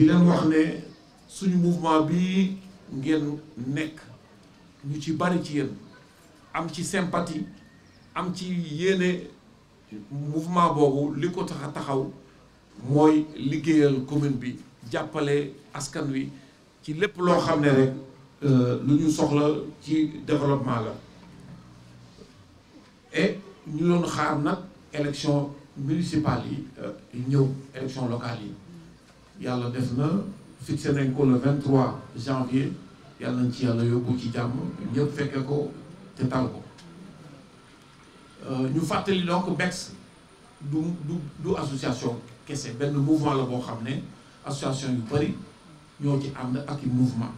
di leen wax ne suñu mouvement bi ngeen nekk ñu ci bari ci yéen am ci sympathie am ci yéene mouvement boobu li ko tax a taxaw mooy liggéeyal commune bi jàppale askan wi ci lépp loo xam ne rek euh, lu ñu soxla ci développement la et ñu loon xaar nag élection municipale yi euh, ñëw élection locale yi yàlla def na fixé nañ ko le 23 janvier yàlla nañ ci yàlla yóbbu ci jàmm ñëpp fekke ko te tal euh, ñu fàttali donc BEX du du association kese benn mouvement la boo xam ne association yu bëri ñoo ci ànd ak i mouvement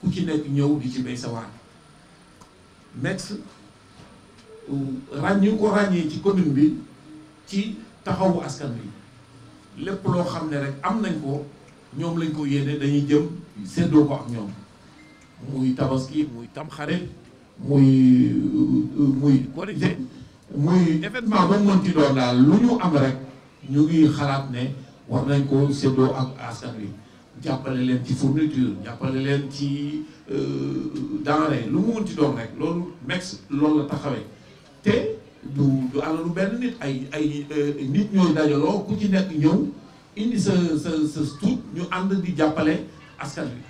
ku ci nekk ñëw di ci béy sa waar BEX euh, ràññu ko ràññee ci commune bi ci taxawu askan bi lépp loo xam ne rek am nañ ko ñoom lañ ko yéene dañuy jëm séddoo ko am ñoom muy tabaski muy tamxare muy muy korité muy événement ba mën ci doon daal lu ñu am rek ñu ngi xalaat ne war nañ ko séddoo ak askan wi jàppale leen ci fourniture jàppale leen ci euh, denrée lu mu mën ci rek loolu mex loolu la taxawee du du alalu benn nit ay ay euh, nit ñooy dajaloo ku ci nekk ñëw indi sa sa sa tuut ñu ànd di jàppale askan bi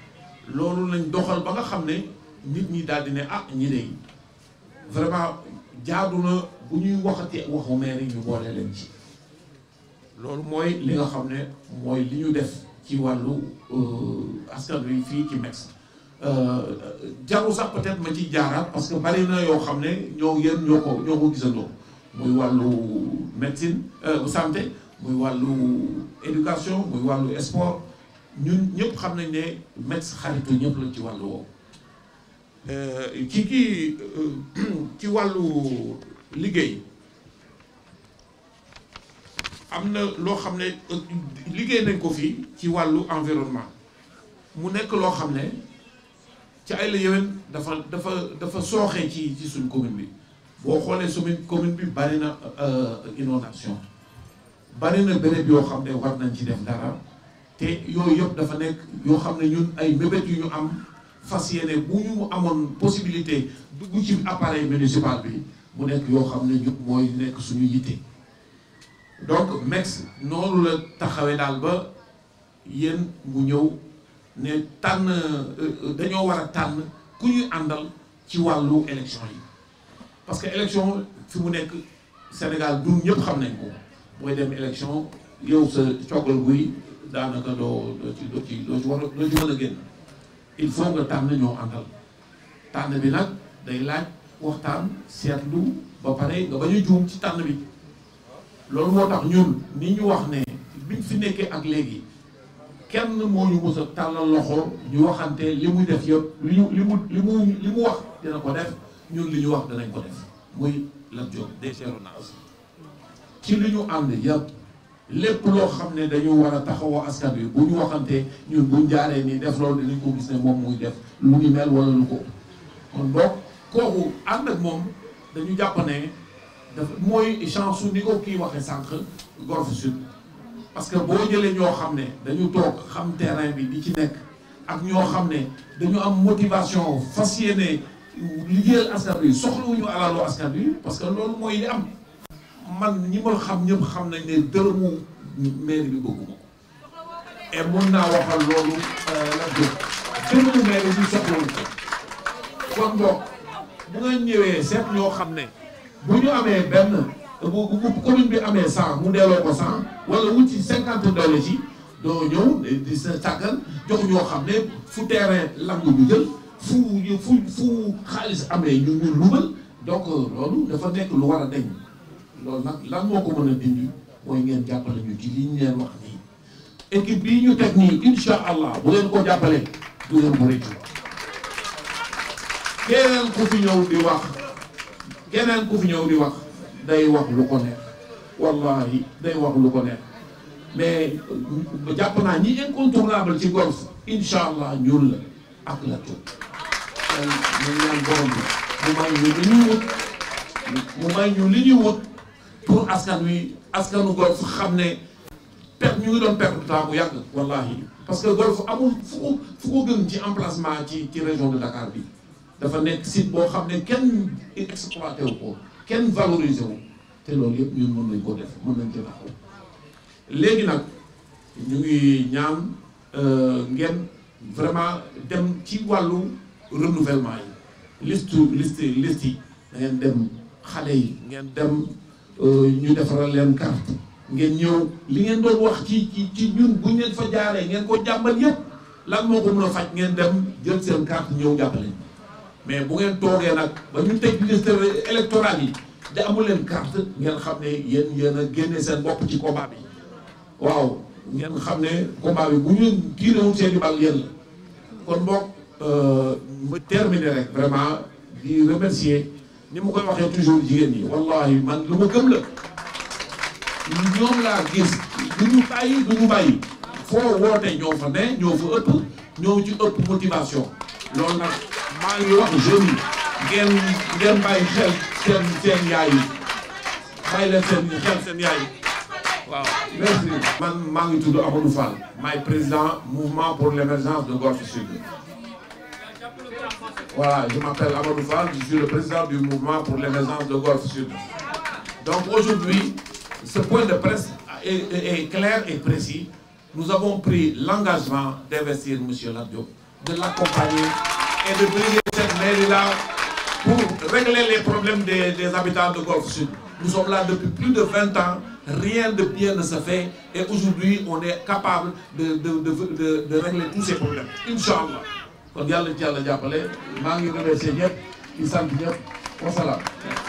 loolu lañ doxal ba nga xam ne nit ñi daal di ne ah ñi de vraiment jaadu na bu ñuy waxati waxu maire yi ñu boole leen ci loolu mooy li nga xam ne mooy li ñu def ci wàllu euh, askan bi fii ci Mexe Euh, jaru sax peut-être ma ciy jaaraat parce que bari na yoo xam ne ñoo yéen ñoo ko ñoo ko gisandoo muy wàllu médecine euh, santé muy wàllu éducation muy wàllu sport ñun ñëpp xam nañ ne médecin xaritu ñëpp lañ ci wàllu woowu. Euh, kii ci wàllu liggéey am na loo xam ne liggéey nañ ko fii ci wàllu environnement mu nekk loo xam ne. ci ay la yéwén dafa dafa dafa sooxee ci ci suñ commune bi boo xoolee suñu commune bi bari na euh, euh, inondation bari na béréb yoo xam ne war nañ ci dem dara te yooyu yëpp dafa nekk yoo xam ne ñun ay mébét yu ñu am fas yéene bu ñu amoon possibilité dugg ci appareil municipal bi mu nekk yoo xam ne ñun mooy nekk suñu yitte donc MEX noonu la taxawe daal ba yéen mu ñëw. ne tànn euh, dañoo war a tànn ku ñu àndal ci wàllu élection yi parce que élection fi mu nekk Sénégal du ñëpp xam nañ ko mooy dem élection yow sa coggal guy daanaka doo doo ci doo doo ci war a génn il faut nga tànn ñoo àndal tànn bi nag day laaj waxtaan seetlu ba pare nga ba a juum ci tànn bi loolu moo tax ñun ni ñu wax ne bi fi nekkee ak léegi kenn moo ñu mës a tàllal loxo ñu waxante li muy def yëpp li ñu li mu li mu li mu wax dina ko def ñun li ñu wax danañ ko def muy Lat Diop deseeru na ci li ñu ànd yëpp lépp loo xam ne dañu war a taxawoo askan wi bu ñu waxante ñun buñ jaaree nii def loolu dinañ ko gis ne moom muy def lu ñu mel wala lu ko kon boog kooku ànd ak moom dañu jàpp ne dafa mooy chance su ni ko kii waxee sànq Golf Sud parce que boo jëlee ñoo xam ne dañu toog xam terrain bi di ci nekk ak ñoo xam ne dañu am motivation fas yéene liggéeyal askan wi soxlawuñu alalu askan wi parce que loolu mooy li am man ñi ma xam ñëpp xam nañ ne dërëmu mairie bi bëgguma ko mun naa waxal loolu euh, la dé dërëmu mairie bi soxlawuñu ko kon boog bu nga ñëwee seet ñoo xam ne bu ñu amee benn bu bu commune bi amee cent mu delloo ko cent wala wut ci cinquante doole ci doo ñëw di sa tàggal jox ñoo xam ne fu terrain langu ñu jël fu fu xaalis amee ñu ñu lugal donc loolu dafa nekk lu war a deñ loolu nag lan moo ko mën a dindi mooy ngeen jàppale ñu ci li leen wax nii équipe bii ñu teg nii insha allah bu leen ko jàppalee du leen ko rëccu keneen ku fi ñëw di wax keneen ku fi ñëw di wax day wax lu ko neex wallahi day wax lu ko neex mais euh, jàpp naa ñi incontournable ci golf incha allah ñuul la ak la tur. ñu ñaan borom bi mu may ñu li ñuy wut mu may ñu li ñuy wut pour askan wi askanu golf xam ne perte ñu ngi doon perte temps bu yàgg wallahi parce que golf amul fu ko gën ci emplacement ci ci région de Dakar bi dafa nekk site boo xam ne kenn exploité wu ko. kenn valorisé wu te loolu yëpp ñun mën nañ ko def mën nañ ci taxaw léegi nag ñu ngi ñaan euh, ngeen vraiment dem ci wàllu renouvellement yi liste list liste yi da ngeen dem xale yi ngeen dem euh, ñu defaral leen carte ngeen ñëw li ngeen doon wax ci ci ci ñun bu ñu leen fa jaaree ngeen koo jàmbal yëpp lan moo ko mën a faj ngeen dem jël seen carte ñëw jàppale mais bu ngeen toogee nag ba ñu tëj ministère électoral yi da amul leen carte ngeen xam ne yéen yéen a génne seen bopp ci combat bi waaw ngeen xam ne combat bi bu ñu tiiréwul seen i bal yéen la kon boog euh, mu terminer rek vraiment di remercier ni ma koy waxee toujours jigéen ñi wallahi man lu ma gëm la ñoom laa gis du ñu bàyyi du ñu bàyyi foo woote ñoo fa ne ñoo fa ëpp ñoo ci ëpp motivation loolu nag maa ngi wax jeune ngeen ngeen bàyyi xel seen seen yaay maa ngi tudd Amadou Fall président mouvement pour l'émergence de Golf Sud voilà je m'appelle Amadou Fall je suis le président du mouvement pour l'émergence de Golf Sud donc aujourd'hui ce point de presse est, clair et précis nous avons pris l'engagement d'investir monsieur Lat Diop de l'accompagner et de briguer cette mairie-là pour régler les problèmes des, des de Golfe Sud. Nous sommes là depuis plus de 20 ans, rien de bien ne se fait et aujourd'hui on est capable de, régler tous ces problèmes. Inch'Allah. kon yàlla ci yàlla jàppale maa ngi remercier ñëpp di sant ñëpp wasalaam